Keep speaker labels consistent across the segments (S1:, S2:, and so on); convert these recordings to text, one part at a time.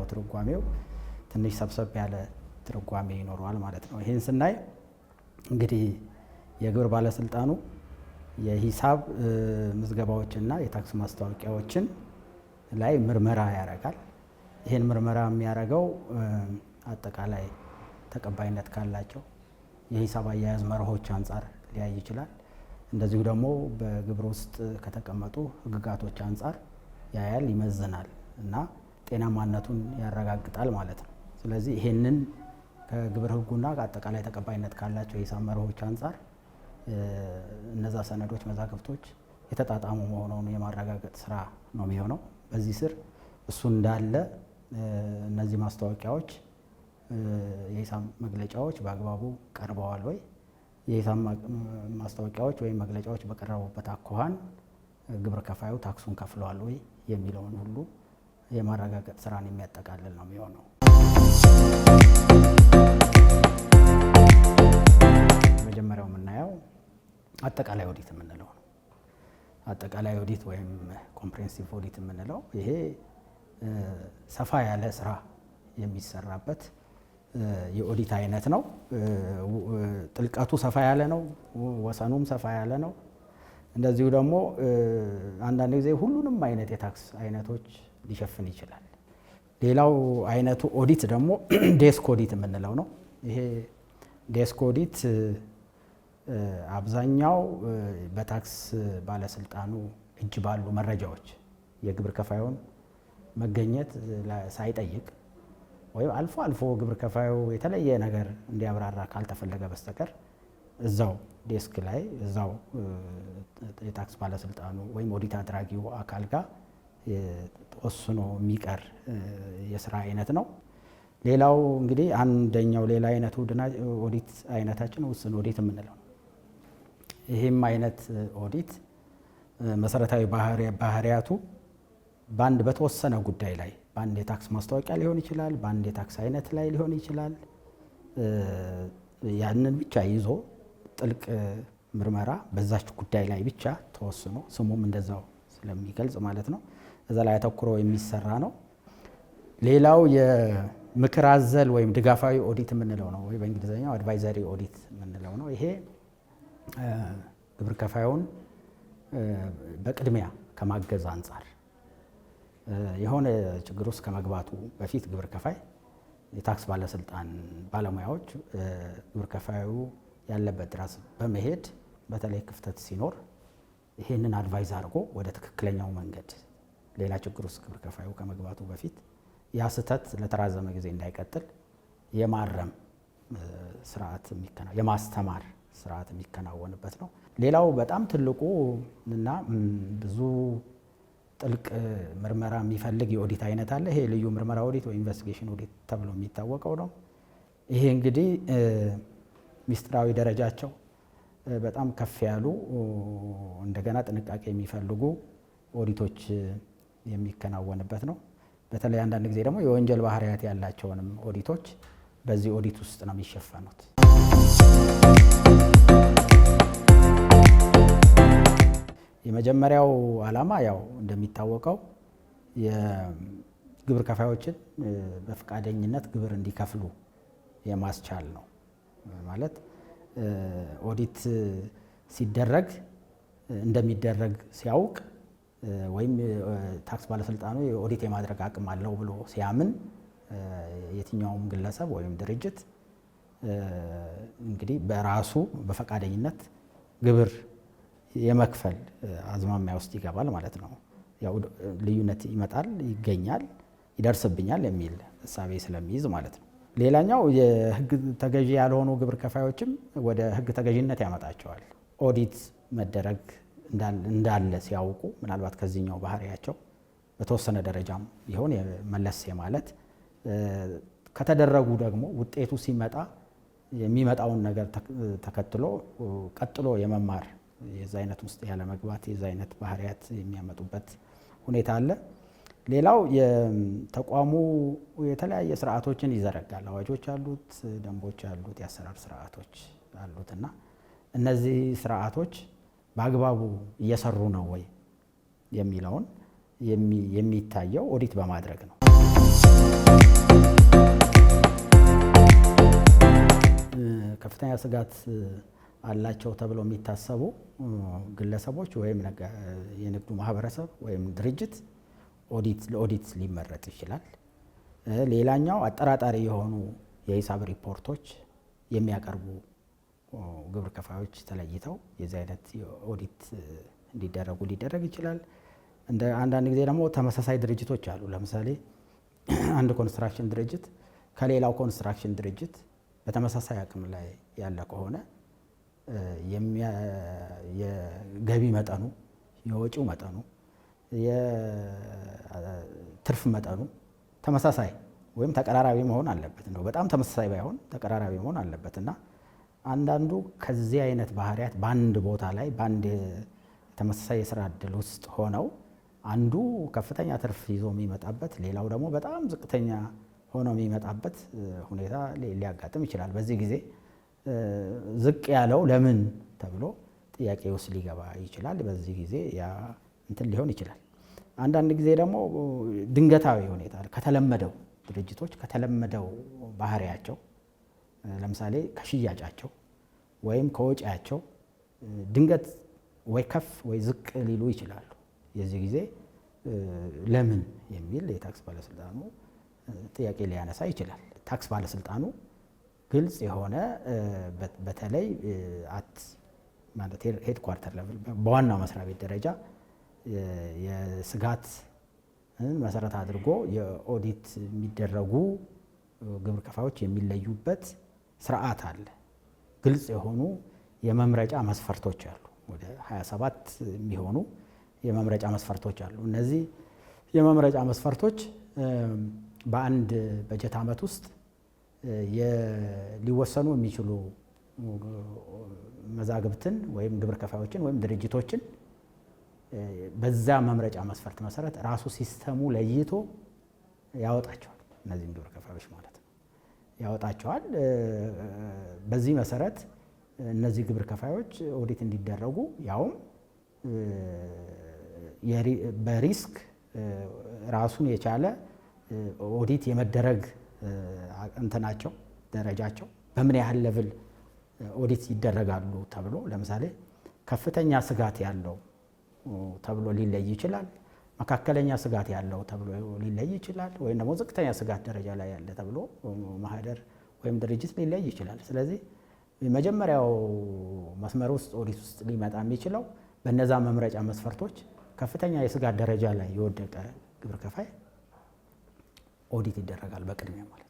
S1: ያው ትርጓሜው ትንሽ ሰብሰብ ያለ ትርጓሜ ይኖረዋል ማለት ነው። ይህን ስናይ እንግዲህ የግብር ባለስልጣኑ የሂሳብ ምዝገባዎችና የታክስ ማስታወቂያዎችን ላይ ምርመራ ያደርጋል። ይህን ምርመራ የሚያደርገው አጠቃላይ ተቀባይነት ካላቸው የሂሳብ አያያዝ መርሆች አንጻር ሊያይ ይችላል። እንደዚሁ ደግሞ በግብር ውስጥ ከተቀመጡ ህግጋቶች አንጻር ያያል፣ ይመዝናል እና ጤናማነቱን ያረጋግጣል ማለት ነው። ስለዚህ ይሄንን ከግብር ህጉና አጠቃላይ ተቀባይነት ካላቸው የሂሳብ መርሆች አንጻር እነዛ ሰነዶች፣ መዛግብቶች የተጣጣሙ መሆኑን የማረጋገጥ ስራ ነው የሚሆነው። በዚህ ስር እሱ እንዳለ እነዚህ ማስታወቂያዎች፣ የሂሳብ መግለጫዎች በአግባቡ ቀርበዋል ወይ፣ የሂሳብ ማስታወቂያዎች ወይም መግለጫዎች በቀረቡበት አኳኋን ግብር ከፋዩ ታክሱን ከፍለዋል ወይ የሚለውን ሁሉ የማረጋገጥ ስራን የሚያጠቃልል ነው የሚሆነው። መጀመሪያው የምናየው አጠቃላይ ኦዲት የምንለው ነው። አጠቃላይ ኦዲት ወይም ኮምፕሬንሲቭ ኦዲት የምንለው ይሄ ሰፋ ያለ ስራ የሚሰራበት የኦዲት አይነት ነው። ጥልቀቱ ሰፋ ያለ ነው። ወሰኑም ሰፋ ያለ ነው። እንደዚሁ ደግሞ አንዳንድ ጊዜ ሁሉንም አይነት የታክስ አይነቶች ሊሸፍን ይችላል። ሌላው አይነቱ ኦዲት ደግሞ ዴስክ ኦዲት የምንለው ነው። ይሄ ዴስክ ኦዲት አብዛኛው በታክስ ባለስልጣኑ እጅ ባሉ መረጃዎች የግብር ከፋዩን መገኘት ሳይጠይቅ ወይም አልፎ አልፎ ግብር ከፋዩ የተለየ ነገር እንዲያብራራ ካልተፈለገ በስተቀር እዛው ዴስክ ላይ እዛው የታክስ ባለስልጣኑ ወይም ኦዲት አድራጊው አካል ጋር ወስኖ የሚቀር የስራ አይነት ነው። ሌላው እንግዲህ አንደኛው ሌላ አይነት ኦዲት አይነታችን ውስን ኦዲት የምንለው ይህም አይነት ኦዲት መሰረታዊ ባህሪያቱ በአንድ በተወሰነ ጉዳይ ላይ በአንድ የታክስ ማስታወቂያ ሊሆን ይችላል፣ በአንድ የታክስ አይነት ላይ ሊሆን ይችላል። ያንን ብቻ ይዞ ጥልቅ ምርመራ በዛች ጉዳይ ላይ ብቻ ተወስኖ ስሙም እንደዛው ስለሚገልጽ ማለት ነው እዛ ላይ አተኩሮ የሚሰራ ነው። ሌላው የምክር አዘል ወይም ድጋፋዊ ኦዲት የምንለው ነው፣ ወይ በእንግሊዝኛው አድቫይዘሪ ኦዲት የምንለው ነው። ይሄ ግብር ከፋዩን በቅድሚያ ከማገዝ አንጻር የሆነ ችግር ውስጥ ከመግባቱ በፊት ግብር ከፋይ የታክስ ባለስልጣን ባለሙያዎች ግብር ከፋዩ ያለበት ድረስ በመሄድ በተለይ ክፍተት ሲኖር ይሄንን አድቫይዝ አድርጎ ወደ ትክክለኛው መንገድ ሌላ ችግር ውስጥ ግብር ከፋዩ ከመግባቱ በፊት ያ ስህተት ለተራዘመ ጊዜ እንዳይቀጥል የማረም ስርዓት የማስተማር ስርዓት የሚከናወንበት ነው። ሌላው በጣም ትልቁ እና ብዙ ጥልቅ ምርመራ የሚፈልግ የኦዲት አይነት አለ። ይሄ ልዩ ምርመራ ኦዲት ወይ ኢንቨስቲጌሽን ኦዲት ተብሎ የሚታወቀው ነው። ይሄ እንግዲህ ሚስጥራዊ ደረጃቸው በጣም ከፍ ያሉ እንደገና ጥንቃቄ የሚፈልጉ ኦዲቶች የሚከናወንበት ነው። በተለይ አንዳንድ ጊዜ ደግሞ የወንጀል ባህሪያት ያላቸውንም ኦዲቶች በዚህ ኦዲት ውስጥ ነው የሚሸፈኑት። የመጀመሪያው ዓላማ ያው እንደሚታወቀው የግብር ከፋዮችን በፈቃደኝነት ግብር እንዲከፍሉ የማስቻል ነው። ማለት ኦዲት ሲደረግ እንደሚደረግ ሲያውቅ ወይም ታክስ ባለስልጣኑ ኦዲት የማድረግ አቅም አለው ብሎ ሲያምን የትኛውም ግለሰብ ወይም ድርጅት እንግዲህ በራሱ በፈቃደኝነት ግብር የመክፈል አዝማሚያ ውስጥ ይገባል ማለት ነው። ያው ልዩነት ይመጣል፣ ይገኛል፣ ይደርስብኛል የሚል እሳቤ ስለሚይዝ ማለት ነው። ሌላኛው የህግ ተገዢ ያልሆኑ ግብር ከፋዮችም ወደ ህግ ተገዢነት ያመጣቸዋል ኦዲት መደረግ እንዳለ ሲያውቁ ምናልባት ከዚህኛው ባህሪያቸው በተወሰነ ደረጃም ቢሆን መለስ ማለት ከተደረጉ ደግሞ ውጤቱ ሲመጣ የሚመጣውን ነገር ተከትሎ ቀጥሎ የመማር የዚ አይነት ውስጥ ያለ መግባት የዚ አይነት ባህሪያት የሚያመጡበት ሁኔታ አለ። ሌላው ተቋሙ የተለያየ ስርዓቶችን ይዘረጋል። አዋጆች አሉት፣ ደንቦች አሉት፣ የአሰራር ስርዓቶች አሉት እና እነዚህ ስርዓቶች በአግባቡ እየሰሩ ነው ወይ የሚለውን የሚታየው ኦዲት በማድረግ ነው። ከፍተኛ ስጋት አላቸው ተብለው የሚታሰቡ ግለሰቦች ወይም የንግዱ ማህበረሰብ ወይም ድርጅት ኦዲት ለኦዲት ሊመረጥ ይችላል። ሌላኛው አጠራጣሪ የሆኑ የሂሳብ ሪፖርቶች የሚያቀርቡ ግብር ከፋዮች ተለይተው የዚህ አይነት ኦዲት እንዲደረጉ ሊደረግ ይችላል። እንደ አንዳንድ ጊዜ ደግሞ ተመሳሳይ ድርጅቶች አሉ። ለምሳሌ አንድ ኮንስትራክሽን ድርጅት ከሌላው ኮንስትራክሽን ድርጅት በተመሳሳይ አቅም ላይ ያለ ከሆነ የገቢ መጠኑ፣ የወጪው መጠኑ፣ የትርፍ መጠኑ ተመሳሳይ ወይም ተቀራራቢ መሆን አለበት እንደው በጣም ተመሳሳይ ባይሆን ተቀራራቢ መሆን አለበት እና አንዳንዱ ከዚህ አይነት ባህሪያት በአንድ ቦታ ላይ በአንድ ተመሳሳይ የስራ እድል ውስጥ ሆነው አንዱ ከፍተኛ ትርፍ ይዞ የሚመጣበት፣ ሌላው ደግሞ በጣም ዝቅተኛ ሆኖ የሚመጣበት ሁኔታ ሊያጋጥም ይችላል። በዚህ ጊዜ ዝቅ ያለው ለምን ተብሎ ጥያቄ ውስጥ ሊገባ ይችላል። በዚህ ጊዜ ያ እንትን ሊሆን ይችላል። አንዳንድ ጊዜ ደግሞ ድንገታዊ ሁኔታ ከተለመደው ድርጅቶች ከተለመደው ባህሪያቸው ለምሳሌ ከሽያጫቸው ወይም ከወጪያቸው ድንገት ወይ ከፍ ወይ ዝቅ ሊሉ ይችላሉ። የዚህ ጊዜ ለምን የሚል የታክስ ባለስልጣኑ ጥያቄ ሊያነሳ ይችላል። ታክስ ባለስልጣኑ ግልጽ የሆነ በተለይ አት ማለት ሄድኳርተር ለብል በዋናው መስሪያ ቤት ደረጃ የስጋት መሰረት አድርጎ የኦዲት የሚደረጉ ግብር ከፋዮች የሚለዩበት ስርዓት አለ። ግልጽ የሆኑ የመምረጫ መስፈርቶች አሉ። ወደ 27 የሚሆኑ የመምረጫ መስፈርቶች አሉ። እነዚህ የመምረጫ መስፈርቶች በአንድ በጀት ዓመት ውስጥ ሊወሰኑ የሚችሉ መዛግብትን ወይም ግብር ከፋዮችን ወይም ድርጅቶችን በዛ መምረጫ መስፈርት መሰረት ራሱ ሲስተሙ ለይቶ ያወጣቸዋል። እነዚህም ግብር ከፋዮች ማለት ነው። ያወጣቸዋል። በዚህ መሰረት እነዚህ ግብር ከፋዮች ኦዲት እንዲደረጉ ያውም በሪስክ ራሱን የቻለ ኦዲት የመደረግ እንትናቸው ደረጃቸው በምን ያህል ለብል ኦዲት ይደረጋሉ ተብሎ ለምሳሌ ከፍተኛ ስጋት ያለው ተብሎ ሊለይ ይችላል። መካከለኛ ስጋት ያለው ተብሎ ሊለይ ይችላል። ወይም ደግሞ ዝቅተኛ ስጋት ደረጃ ላይ ያለ ተብሎ ማህደር ወይም ድርጅት ሊለይ ይችላል። ስለዚህ መጀመሪያው መስመር ውስጥ ኦዲት ውስጥ ሊመጣ የሚችለው በነዛ መምረጫ መስፈርቶች ከፍተኛ የስጋት ደረጃ ላይ የወደቀ ግብር ከፋይ ኦዲት ይደረጋል በቅድሚያ ማለት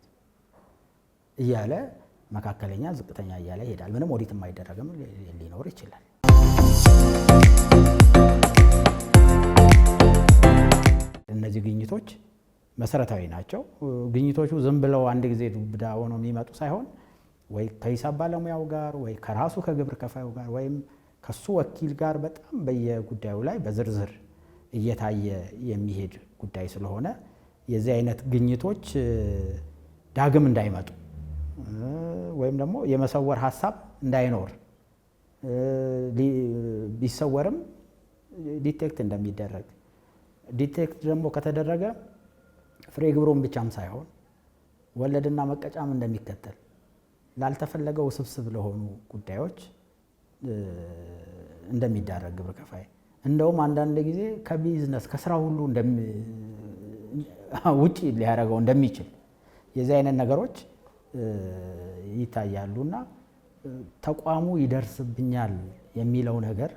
S1: እያለ መካከለኛ፣ ዝቅተኛ እያለ ይሄዳል። ምንም ኦዲት የማይደረግም ሊኖር ይችላል። እነዚህ ግኝቶች መሰረታዊ ናቸው። ግኝቶቹ ዝም ብለው አንድ ጊዜ ዱብዳ ሆኖ የሚመጡ ሳይሆን ወይ ከሂሳብ ባለሙያው ጋር ወይ ከራሱ ከግብር ከፋዩ ጋር ወይም ከሱ ወኪል ጋር በጣም በየጉዳዩ ላይ በዝርዝር እየታየ የሚሄድ ጉዳይ ስለሆነ የዚህ አይነት ግኝቶች ዳግም እንዳይመጡ ወይም ደግሞ የመሰወር ሀሳብ እንዳይኖር ቢሰወርም ዲቴክት እንደሚደረግ ዲቴክት ደግሞ ከተደረገ ፍሬ ግብሩን ብቻም ሳይሆን ወለድና መቀጫም እንደሚከተል ላልተፈለገ ውስብስብ ለሆኑ ጉዳዮች እንደሚዳረግ ግብር ከፋይ እንደውም አንዳንድ ጊዜ ከቢዝነስ ከስራ ሁሉ ውጭ ሊያደርገው እንደሚችል የዚህ አይነት ነገሮች ይታያሉና ተቋሙ ይደርስብኛል የሚለው ነገር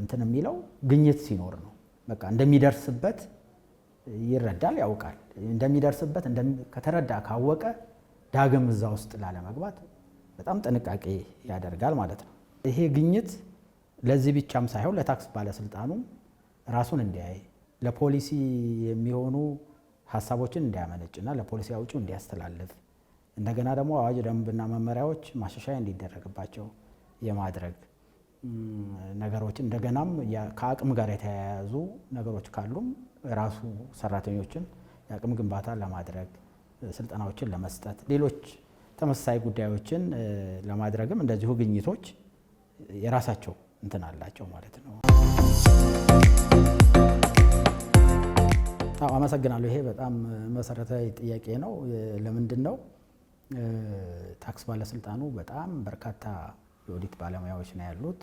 S1: እንትን የሚለው ግኝት ሲኖር ነው። በቃ እንደሚደርስበት ይረዳል፣ ያውቃል። እንደሚደርስበት ከተረዳ ካወቀ ዳግም እዛ ውስጥ ላለመግባት በጣም ጥንቃቄ ያደርጋል ማለት ነው። ይሄ ግኝት ለዚህ ብቻም ሳይሆን ለታክስ ባለስልጣኑ ራሱን እንዲያይ ለፖሊሲ የሚሆኑ ሀሳቦችን እንዲያመነጭና ለፖሊሲ አውጪው እንዲያስተላልፍ እንደገና ደግሞ አዋጅ፣ ደንብና መመሪያዎች ማሻሻያ እንዲደረግባቸው የማድረግ ነገሮች እንደገናም ከአቅም ጋር የተያያዙ ነገሮች ካሉም ራሱ ሰራተኞችን የአቅም ግንባታ ለማድረግ ስልጠናዎችን ለመስጠት ሌሎች ተመሳሳይ ጉዳዮችን ለማድረግም እንደዚሁ ግኝቶች የራሳቸው እንትን አላቸው ማለት ነው። አመሰግናለሁ። ይሄ በጣም መሰረታዊ ጥያቄ ነው። ለምንድን ነው ታክስ ባለስልጣኑ በጣም በርካታ የኦዲት ባለሙያዎች ነው ያሉት።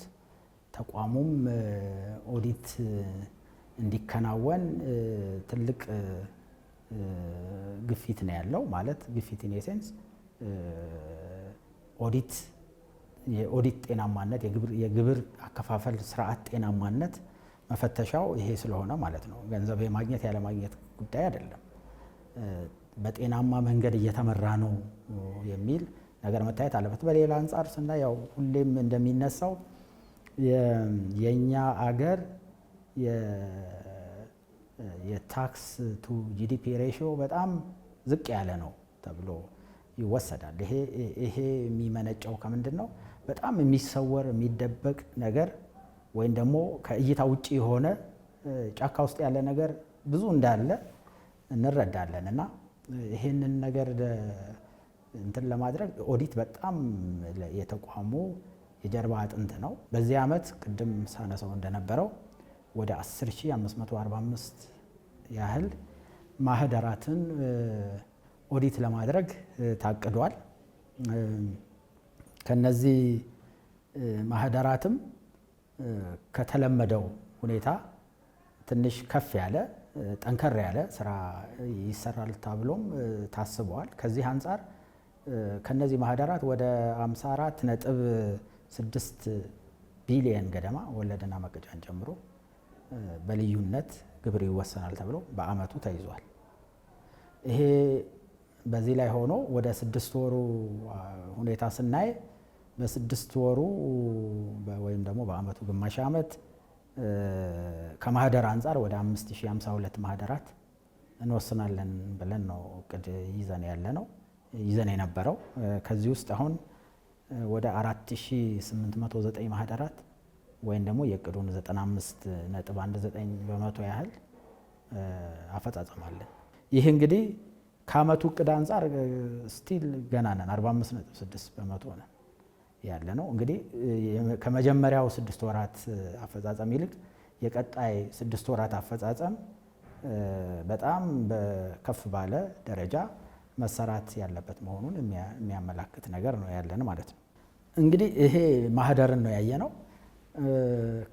S1: ተቋሙም ኦዲት እንዲከናወን ትልቅ ግፊት ነው ያለው። ማለት ግፊት ኢን ኤሴንስ ኦዲት የኦዲት ጤናማነት የግብር አከፋፈል ስርዓት ጤናማነት መፈተሻው ይሄ ስለሆነ ማለት ነው። ገንዘብ የማግኘት ያለማግኘት ጉዳይ አይደለም። በጤናማ መንገድ እየተመራ ነው የሚል ነገር መታየት አለበት። በሌላ አንጻር ስና ያው ሁሌም እንደሚነሳው የእኛ አገር የታክስ ቱ ጂዲፒ ሬሽዮ በጣም ዝቅ ያለ ነው ተብሎ ይወሰዳል። ይሄ የሚመነጨው ከምንድን ነው? በጣም የሚሰወር የሚደበቅ ነገር ወይም ደግሞ ከእይታ ውጭ የሆነ ጫካ ውስጥ ያለ ነገር ብዙ እንዳለ እንረዳለን እና ይህንን ነገር እንትን ለማድረግ ኦዲት በጣም የተቋሙ የጀርባ አጥንት ነው። በዚህ ዓመት ቅድም ሳነሰው እንደነበረው ወደ 10545 ያህል ማህደራትን ኦዲት ለማድረግ ታቅዷል። ከነዚህ ማህደራትም ከተለመደው ሁኔታ ትንሽ ከፍ ያለ ጠንከር ያለ ስራ ይሰራል ተብሎም ታስበዋል። ከዚህ አንጻር ከነዚህ ማህደራት ወደ 54 ነጥብ 6 ቢሊየን ገደማ ወለድና መቀጫን ጨምሮ በልዩነት ግብር ይወሰናል ተብሎ በአመቱ ተይዟል። ይሄ በዚህ ላይ ሆኖ ወደ ስድስት ወሩ ሁኔታ ስናይ በስድስት ወሩ ወይም ደግሞ በአመቱ ግማሽ ዓመት ከማህደር አንጻር ወደ 5052 ማህደራት እንወስናለን ብለን ነው እቅድ ይዘን ያለ ነው። ይዘን የነበረው። ከዚህ ውስጥ አሁን ወደ 4809 ማህደራት ወይም ደግሞ የእቅዱን 95 ነጥብ 19 በመቶ ያህል አፈጻጸማለን። ይህ እንግዲህ ከአመቱ እቅድ አንጻር ስቲል ገና ነን። 45.6 በመቶ ነን ያለ ነው። እንግዲህ ከመጀመሪያው ስድስት ወራት አፈጻጸም ይልቅ የቀጣይ ስድስት ወራት አፈጻጸም በጣም በከፍ ባለ ደረጃ መሰራት ያለበት መሆኑን የሚያመላክት ነገር ነው ያለን ማለት ነው። እንግዲህ ይሄ ማህደርን ነው ያየ ነው።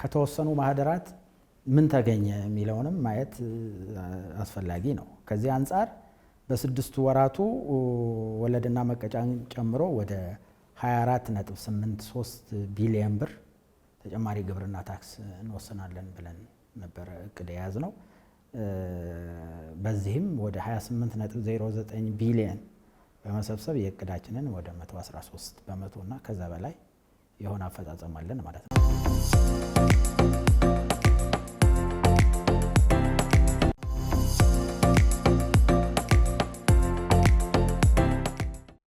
S1: ከተወሰኑ ማህደራት ምን ተገኘ የሚለውንም ማየት አስፈላጊ ነው። ከዚህ አንጻር በስድስቱ ወራቱ ወለድና መቀጫን ጨምሮ ወደ 24.83 ቢሊየን ብር ተጨማሪ ግብርና ታክስ እንወስናለን ብለን ነበረ እቅድ የያዝ ነው። በዚህም ወደ 28.09 ቢሊየን በመሰብሰብ የእቅዳችንን ወደ 113 በመቶ እና ከዛ በላይ የሆነ አፈጻጸም አለን ማለት ነው።